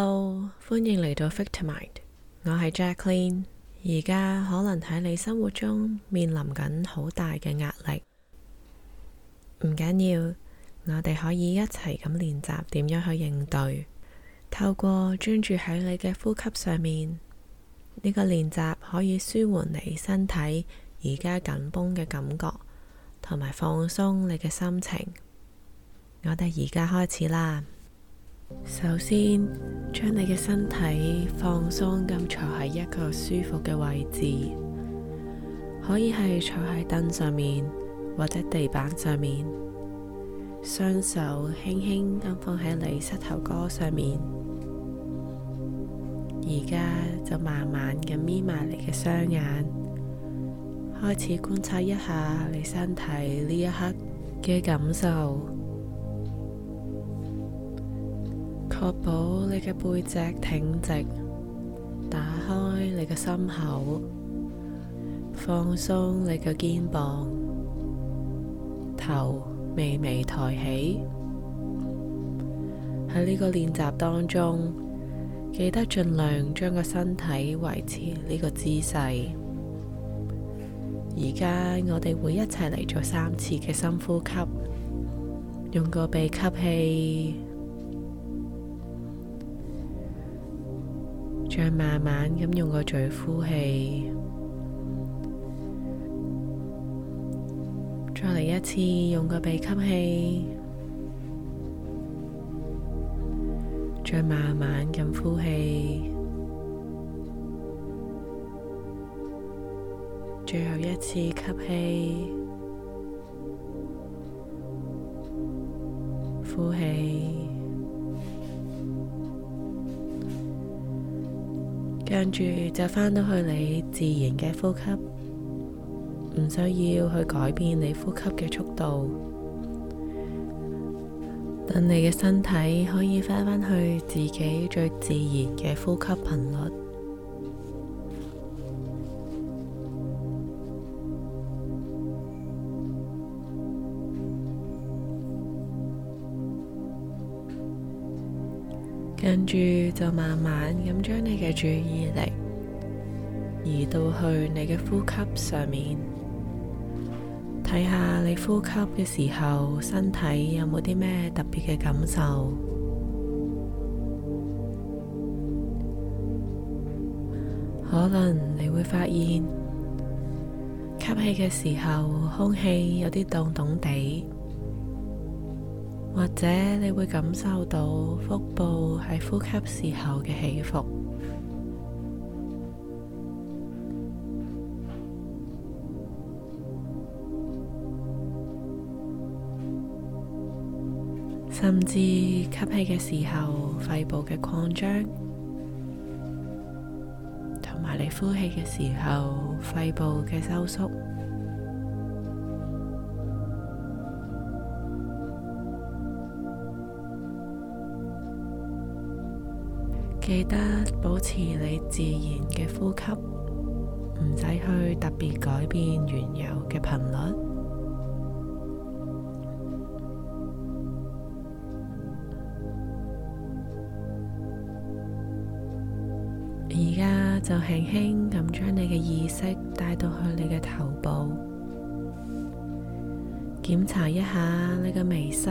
Hello，歡迎嚟到 Fitmind 我係 Jaclyn。而家可能喺你生活中面臨緊好大嘅壓力，唔緊要，我哋可以一齊咁練習點樣去應對。透過專注喺你嘅呼吸上面，呢個練習可以舒緩你身體而家緊繃嘅感覺，同埋放鬆你嘅心情。我哋而家開始啦。首先，將你嘅身體放鬆咁坐喺一個舒服嘅位置，可以係坐喺凳上面或者地板上面。雙手輕輕咁放喺你膝頭哥上面。而家就慢慢咁眯埋你嘅雙眼，開始觀察一下你身體呢一刻嘅感受。確保你嘅背脊挺直，打開你嘅心口，放鬆你嘅肩膀，頭微微抬起。喺呢個練習當中，記得盡量將個身體維持呢個姿勢。而家我哋會一齊嚟做三次嘅深呼吸，用個鼻吸氣，再慢慢咁用個嘴呼氣，再嚟一次用個鼻吸氣，再慢慢咁呼氣，最後一次吸氣，呼氣。跟住就返到去你自然嘅呼吸，唔需要去改變你呼吸嘅速度，等你嘅身體可以返返去自己最自然嘅呼吸頻率。跟住就慢慢咁將你嘅注意力移到去你嘅呼吸上面，睇下你呼吸嘅時候，身體有冇啲咩特別嘅感受？可能你會發現吸氣嘅時候，空氣有啲凍凍地。或者你會感受到腹部喺呼吸時候嘅起伏，甚至吸氣嘅時候肺部嘅擴張，同埋你呼氣嘅時候肺部嘅收縮。記得保持你自然嘅呼吸，唔使去特別改變原有嘅頻率。而家就輕輕咁將你嘅意識帶到去你嘅頭部，檢查一下你嘅眉心、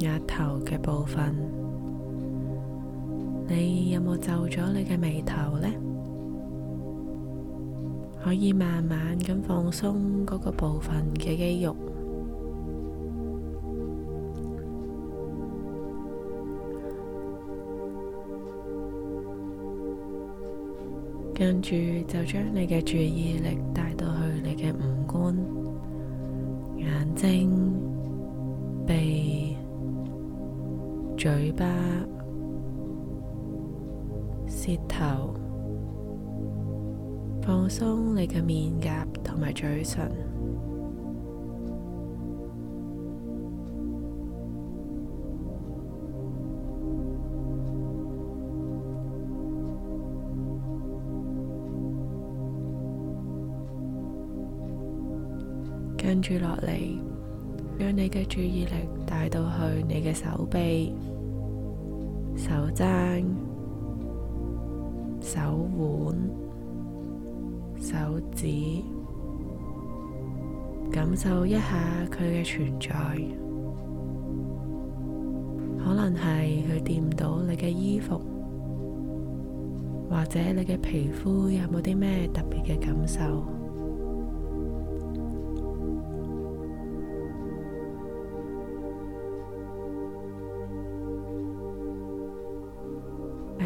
額頭嘅部分。你有冇皺咗你嘅眉頭呢？可以慢慢咁放鬆嗰個部分嘅肌肉，跟住就將你嘅注意力帶到去你嘅五官：眼睛、鼻、嘴巴。額頭，放鬆你嘅面頰同埋嘴唇。跟住落嚟，將你嘅注意力帶到去你嘅手臂、手踭。手腕、手指，感受一下佢嘅存在，可能係佢掂到你嘅衣服，或者你嘅皮膚有冇啲咩特別嘅感受？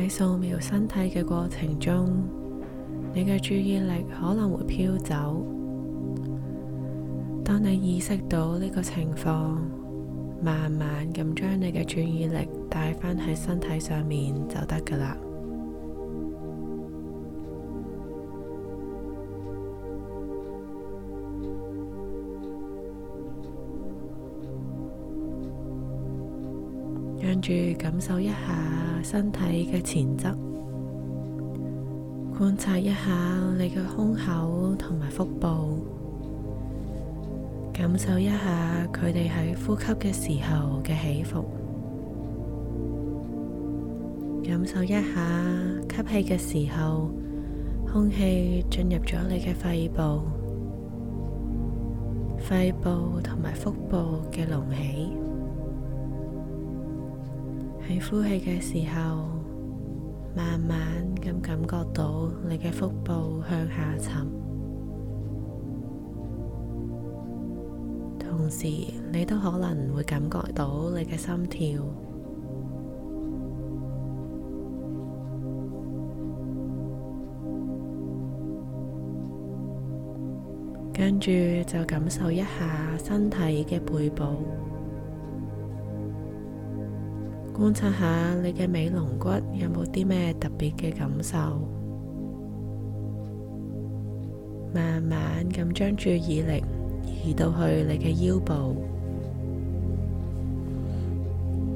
喺掃描身體嘅過程中，你嘅注意力可能會飄走。當你意識到呢個情況，慢慢咁將你嘅注意力帶返喺身體上面就得㗎喇。注意感受一下身體嘅前側，觀察一下你嘅胸口同埋腹部，感受一下佢哋喺呼吸嘅時候嘅起伏，感受一下吸氣嘅時候，空氣進入咗你嘅肺部，肺部同埋腹部嘅隆起。喺呼氣嘅時候，慢慢咁感覺到你嘅腹部向下沉，同時你都可能會感覺到你嘅心跳。跟住就感受一下身體嘅背部。觀察下你嘅尾龍骨有冇啲咩特別嘅感受？慢慢咁將注意力移到去你嘅腰部，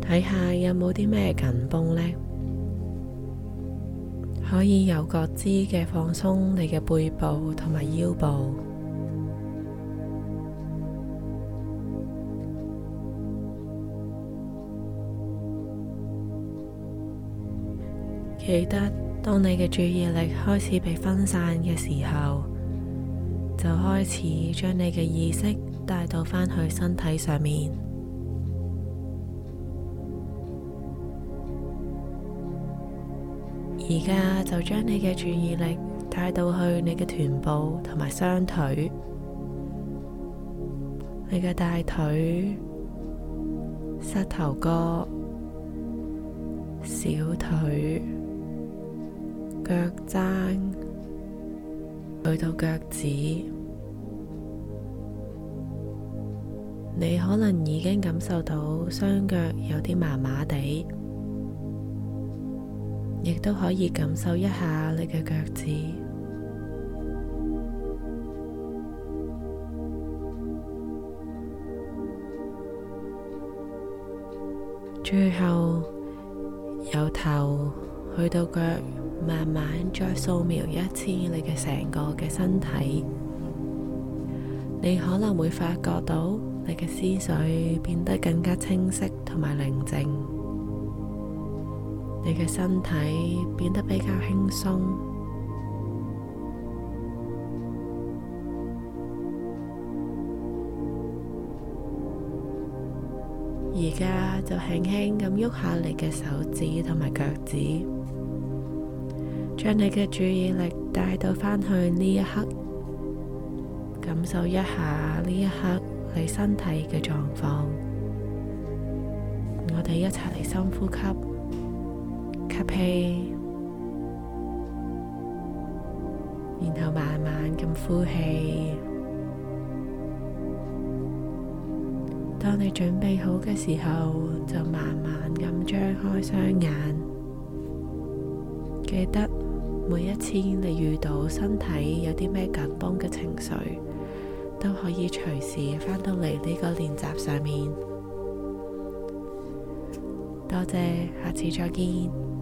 睇下有冇啲咩緊繃呢？可以有覺知嘅放鬆你嘅背部同埋腰部。記得，當你嘅注意力開始被分散嘅時候，就開始將你嘅意識帶到返去身體上面。而家就將你嘅注意力帶到去你嘅臀部同埋雙腿，你嘅大腿、膝頭哥、小腿。腳踭去到腳趾，你可能已經感受到雙腳有啲麻麻地，亦都可以感受一下你嘅腳趾。最後，由頭去到腳。慢慢再掃描一次你嘅成個嘅身體，你可能會發覺到你嘅思緒變得更加清晰同埋寧靜，你嘅身體變得比較輕鬆。而家就輕輕咁喐下你嘅手指同埋腳趾。將你嘅注意力帶到返去呢一刻，感受一下呢一刻你身體嘅狀況。我哋一齊嚟深呼吸，吸氣，然後慢慢咁呼氣。當你準備好嘅時候，就慢慢咁張開雙眼，記得。每一次你遇到身體有啲咩緊繃嘅情緒，都可以隨時返到嚟呢個練習上面。多謝，下次再見。